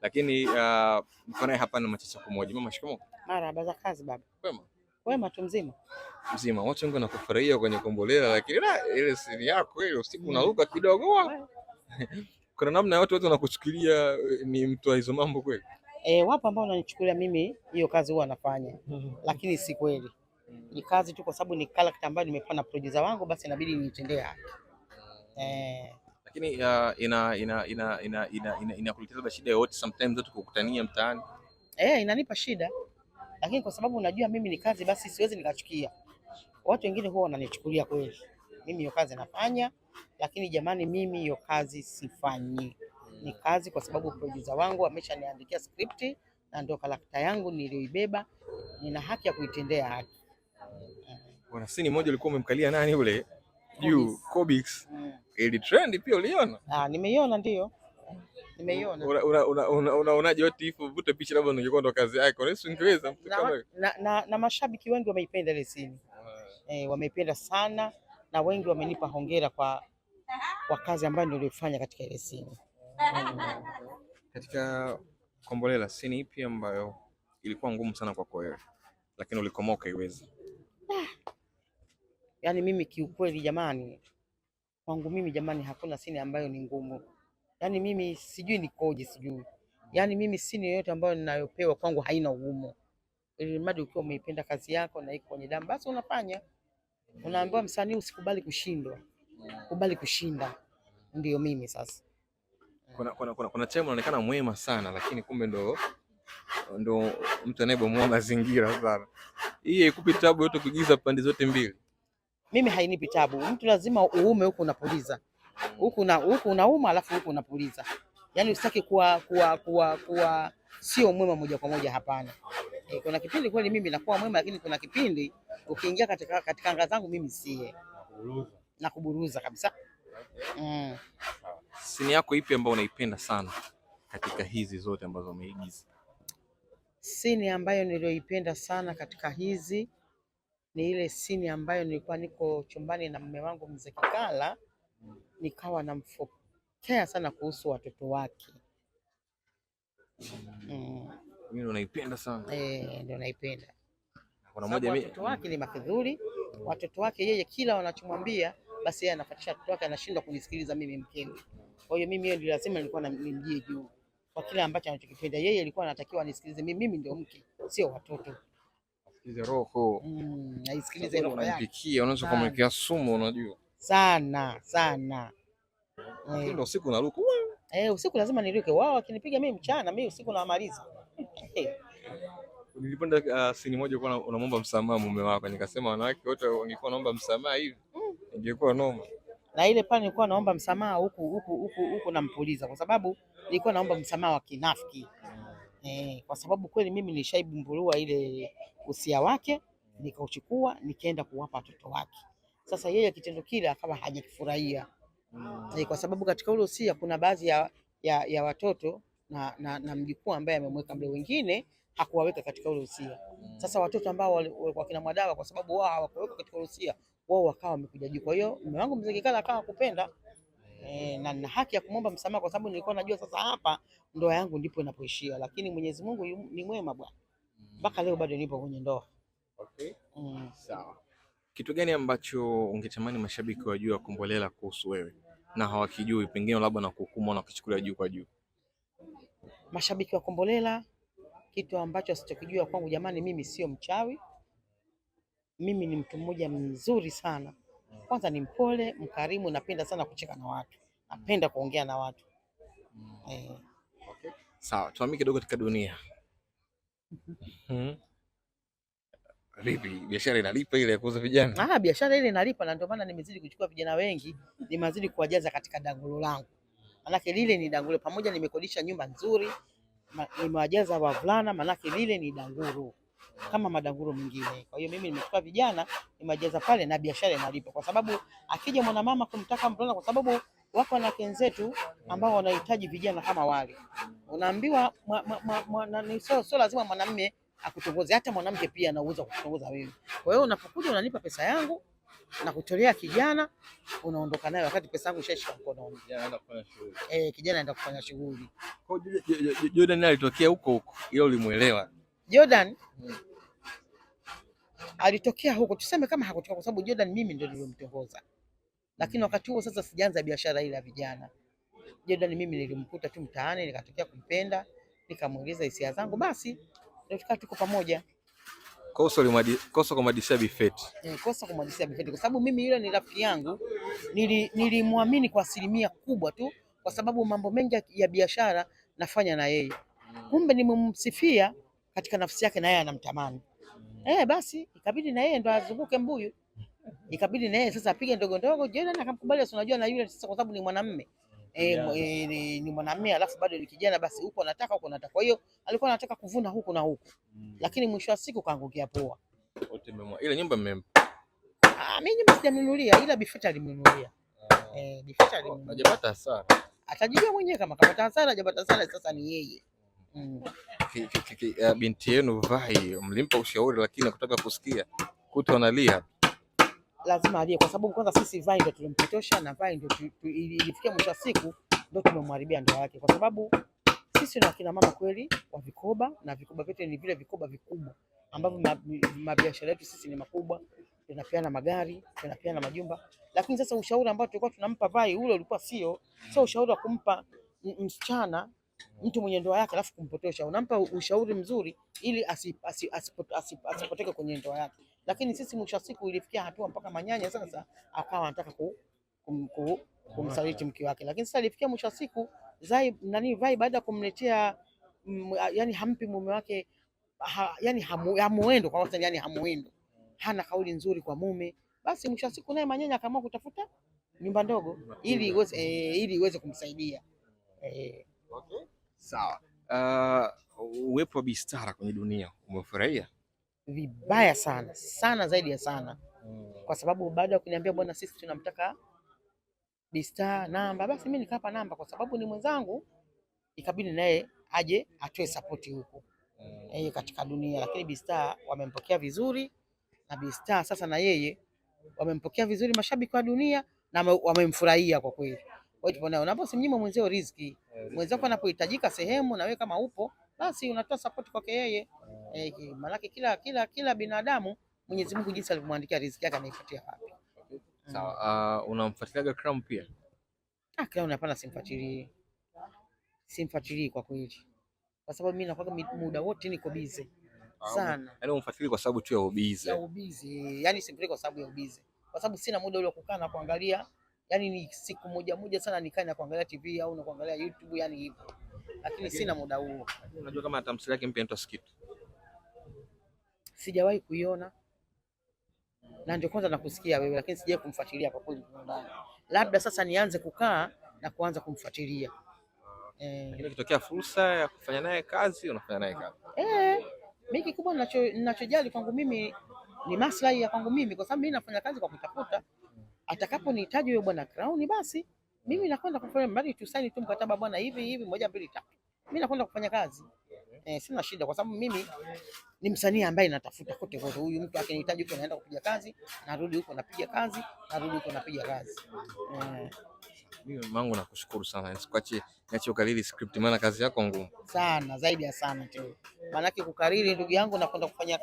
lakini uh, naye hapa na machacha kumoja. Mama, shikamoo. Marahaba za kazi baba. Kwema? Wema tu mzima. Mzima. Watu wengi wanakufurahia kwenye Kombolela lakini na ile siri yako ile usiku mm. unaruka kidogo. Kuna namna watu watu wanakuchukulia eh, ni mtu wa hizo mambo kweli? E, wapo ambao wananichukulia mimi hiyo kazi huwa nafanya mm-hmm. Lakini si kweli Ni kazi tu kwa sababu ni character ambayo nimepewa na producer wangu, basi inabidi niitendee haki. Mm. Eh lakini uh, ina ina ina ina ina ina ina shida yoyote sometimes watu kukutania mtaani? Eh, inanipa shida, lakini kwa sababu unajua mimi ni kazi, basi siwezi nikachukia. Watu wengine huwa wananichukulia kweli, mimi hiyo kazi nafanya, lakini jamani, mimi hiyo kazi sifanyi. Ni kazi kwa sababu producer wangu ameshaniandikia script na ndio karakta yangu niliyoibeba, nina haki ya kuitendea haki. Bwana Sini, mmoja ulikuwa umemkalia nani ule juu Kobix ili trend pia uliona? Ah, nimeiona ndio. Nimeiona. Unaonaje una, una vute picha labda ungekuwa ndo kazi yako. Leo na, na, na mashabiki wengi wameipenda ile scene. Ah. Eh, wameipenda sana na wengi wamenipa hongera kwa kwa kazi ambayo nilifanya katika ile scene. Katika Kombolela scene ipi ambayo ilikuwa ngumu sana kwako wewe lakini ulikomoka iwezi? Ah. Yaani mimi kiukweli jamani kwangu mimi jamani, hakuna sini ambayo ni ngumu. Yaani mimi sijui nikoje, sijui yaani mimi sini yoyote ambayo ninayopewa kwangu haina ugumu, ili mradi ukiwa umeipenda kazi yako na iko kwenye damu, basi unafanya. Unaambiwa msanii usikubali kushindwa, kubali kushinda. Ndio mimi sasa. Kuna, kuna, kuna, kuna chama unaonekana mwema sana, lakini kumbe ndo ndo mtu anayebomoa mazingira sana. Hii ikupi tabu yote kuigiza pande zote mbili mimi hainipi tabu. Mtu lazima uume huku unapuliza huku na huku unauma, alafu huku unapuliza, yaani usitaki kuwa kuwa kuwa kuwa sio mwema moja kwa moja, hapana. E, kuna kipindi kweli mimi nakuwa mwema, lakini kuna kipindi ukiingia katika katika anga zangu mimi sie na kuburuza kabisa. Mm. Sini yako ipi ambayo unaipenda sana katika hizi zote ambazo umeigiza? Sini ambayo niliyoipenda sana katika hizi ni ile sini ambayo nilikuwa niko chumbani na mume wangu mzee Kikala, nikawa namfokea sana kuhusu watoto wake. Mm. Mimi ndo naipenda sana. Eh, ndo naipenda. Kuna moja mimi watoto wake ni makidhuri, watoto wake yeye kila wanachomwambia basi yeye anafuatisha watoto wake, anashindwa kunisikiliza mimi mkewe. Kwa hiyo mimi hiyo ndio lazima nilikuwa nimjie juu kwa kile ambacho anachokipenda yeye, alikuwa anatakiwa anisikilize mimi. Mimi ndio mke, sio watoto. Ile roho. Mm, naisikiliza ile roho yake. Unaweza kumwekea sumu unajua. Sana, sana. Eh, ndio usiku naruka. Eh, usiku lazima niruke. Wao akinipiga mimi mchana, mimi usiku namaliza. Eh. Nilipenda uh, sini moja kwa unamwomba msamaha mume wako. Nikasema wanawake wote wangekuwa naomba msamaha hivi. Mm. Ingekuwa noma. Na ile pale nilikuwa naomba msamaha huku huku huku huku nampuliza kwa sababu nilikuwa naomba msamaha wa kinafiki eh, kwa sababu kweli mimi nilishaibumbulua ile usia wake nikauchukua nikaenda kuwapa watoto wake. Sasa yeye kitendo kile akawa hajakifurahia mm. eh, kwa sababu katika ule usia kuna baadhi ya, ya, ya watoto na, na, na mjukuu ambaye amemweka mle, wengine hakuwaweka katika ule usia mm. Sasa watoto ambao wakina Mwadawa kwa sababu wao hawakuweka katika ule usia, wao wakawa wamekuja juu. Kwa hiyo mume wangu mzee Kikala akawa kupenda e, na nina haki ya kumwomba msamaha kwa sababu nilikuwa najua sasa hapa ndoa yangu ndipo inapoishia, lakini Mwenyezi Mungu ni mwema bwana, mpaka leo bado nipo kwenye ndoa. Okay. Mm. Sawa. Kitu gani ambacho ungetamani mashabiki wajue Kombolela kuhusu wewe na hawakijui, pengine labda na kuhukumu na kuchukulia juu kwa juu? Mashabiki wa Kombolela, kitu ambacho asichokijua kwangu, jamani, mimi sio mchawi, mimi ni mtu mmoja mzuri sana kwanza ni mpole, mkarimu, napenda sana kucheka na watu, napenda kuongea na watu mm. Eh. Okay. Sawa, tuamie kidogo katika dunia Vipi, mm-hmm. biashara inalipa ile ya kuuza vijana? Ah, biashara ile inalipa na ndio maana nimezidi kuchukua vijana wengi, nimezidi kuwajaza katika dangulo langu. Manake lile ni dangulo. pamoja, nimekodisha nyumba nzuri, nimewajaza wavulana, manake lile ni danguro kama madanguro mwingine. Kwa hiyo mimi nimechukua vijana nimejaza pale na biashara inalipa, kwa sababu akija mwanamama kumtaka mvulana, kwa sababu wako na kenzetu ambao wanahitaji vijana kama wale. Unaambiwa sio so lazima mwanamume akutongoze, hata mwanamke pia ana uwezo kutongoza wewe. Kwa hiyo unapokuja unanipa pesa yangu na kutolea kijana, unaondoka naye wakati pesa yangu ishashika mkononi. Eh, kijana anaenda kufanya shughuli. Jordan alitokea huko huko, hiyo ulimuelewa Jordan? hmm alitokea huko, tuseme kama hakutoka, kwa sababu Jordan mimi ndio nilimtongoza, lakini mm. wakati huo sasa sijaanza biashara ile ya vijana. Jordan mimi nilimkuta tu mtaani, nikatokea kumpenda, nikamweleza hisia zangu, basi ndio tukawa tuko pamoja. Kosa kumwadisia Bifeti, kosa kumwadisia Bifeti, eh, kwa sababu mimi yule ni rafiki yangu, nilimwamini kwa asilimia kubwa tu, kwa sababu mambo mengi ya biashara nafanya na yeye. Mm. Kumbe nimemsifia katika nafsi yake, na yeye anamtamani Eh, basi ikabidi na yeye ndo azunguke mbuyu, ikabidi na yeye sasa apige ndogo ndogo. Jordan akamkubali, si unajua na yule sasa, kwa sababu ni mwanamume eh, ni, mwanamume alafu bado ni kijana, basi huko anataka huko anataka. Kwa hiyo alikuwa anataka kuvuna huku na huku mm. Lakini mwisho wa siku kaangukia poa. Wote mmemwa ile nyumba mmem ah, mimi nyumba sijamnunulia, ila Bifita alimnunulia ah. Eh, Bifita alimnunulia, hajapata hasara, atajijua mwenyewe kama kapata hasara hajapata hasara, sasa ni yeye Eh, binti yenu Vai mlimpa ushauri, lakini akutaka kusikia, kuto analia lazima alie, kwa sababu kwanza sisi Vai ndio tulimpotosha na Vai ndio ilifikia mwisho wa siku ndio tumemharibia ndoa yake, kwa sababu sisi na kina mama kweli wa vikoba, na vikoba vyote ni vile vikoba vikubwa ambavyo mabiashara yetu sisi ni makubwa, tunapeana magari, tunapeana majumba. Lakini sasa ushauri ambao tulikuwa tunampa Vai ule ulikuwa sio sio ushauri wa kumpa msichana mtu mwenye ndoa yake alafu kumpotosha. Unampa ushauri mzuri ili asipoteke kwenye ndoa yake, lakini sisi mwisho wa siku ilifikia hatua mpaka manyanya sasa akawa anataka ku, kum, ku, kumsaliti mke wake, lakini sasa ilifikia mwisho wa siku Zai nani Vai baada ya kumletea mm, yani hampi mume wake ha, yani hamuendo kwa wastani, yani hamuendo, hana kauli nzuri kwa mume, basi mwisho wa siku naye manyanya akaamua kutafuta nyumba ndogo ili iweze e, ili iweze kumsaidia eh, okay. Sawa. Uh, uwepo wa Bistara kwenye dunia umefurahia vibaya sana sana zaidi ya sana hmm. Kwa sababu baada ya kuniambia bwana, sisi tunamtaka bista namba, basi mimi nikapa namba kwa sababu ni mwenzangu, ikabidi naye aje atoe sapoti huku hmm. yeye katika dunia, lakini bista wamempokea vizuri na bista sasa na yeye wamempokea vizuri mashabiki wa dunia na wamemfurahia kwa kweli. Wewe tupo nao, unaposimnyima mwenzio riziki, eh, mwenzako anapohitajika sehemu na wewe kama upo, basi unatoa support kwake yeye. Eh. eh, maanake kila kila kila binadamu Mwenyezi Mungu jinsi alivyomwandikia riziki yake anaifuatia wapi. Sawa, So, uh, ah, unamfuatiliaga Kram pia? Ah, Crown hapana, simfuatilii. Simfuatilii kwa kweli. Kwa sababu mimi nakuwa muda wote niko busy ah, sana. Yaani umfuatilii kwa sababu tu ya ubize. Ya ubize. Yaani simfuatilii kwa sababu ya ubize. Kwa sababu sina muda ule wa kukaa na kuangalia yani ni siku moja moja sana nikae na kuangalia TV au na kuangalia YouTube, yani hivyo, lakini sina muda huo. Unajua kama tamthilia yake mpya inaitwa Skit, sijawahi kuiona na ndio kwanza nakusikia wewe, lakini sijawahi kumfuatilia kwa kweli ndani. Labda sasa nianze kukaa na kuanza kumfuatilia ah, eh. ikitokea fursa ya kufanya naye kazi, unafanya naye kazi eh. Mimi kikubwa ninachojali kwangu mimi ni maslahi ya kwangu mimi, kwa sababu mimi nafanya kazi kwa kutafuta atakaponihitaji huyo bwana Crown, basi mimi nakwenda kufanya mradi tusaini tu mkataba bwana, hivi hivi, moja mbili tatu, mimi nakwenda kufanya kazi eh, sina shida, kwa sababu mimi ni msanii ambaye natafuta kote kote. Huyu mtu akinihitaji huko naenda kupiga kazi, narudi huko napiga kazi, narudi huko napiga kazi eh. Mimi mangu nakushukuru sana, nisikuache niache ukariri script, maana kazi yako ngumu sana zaidi ya sana tu, maanake kukariri ndugu yangu nakwenda kufanya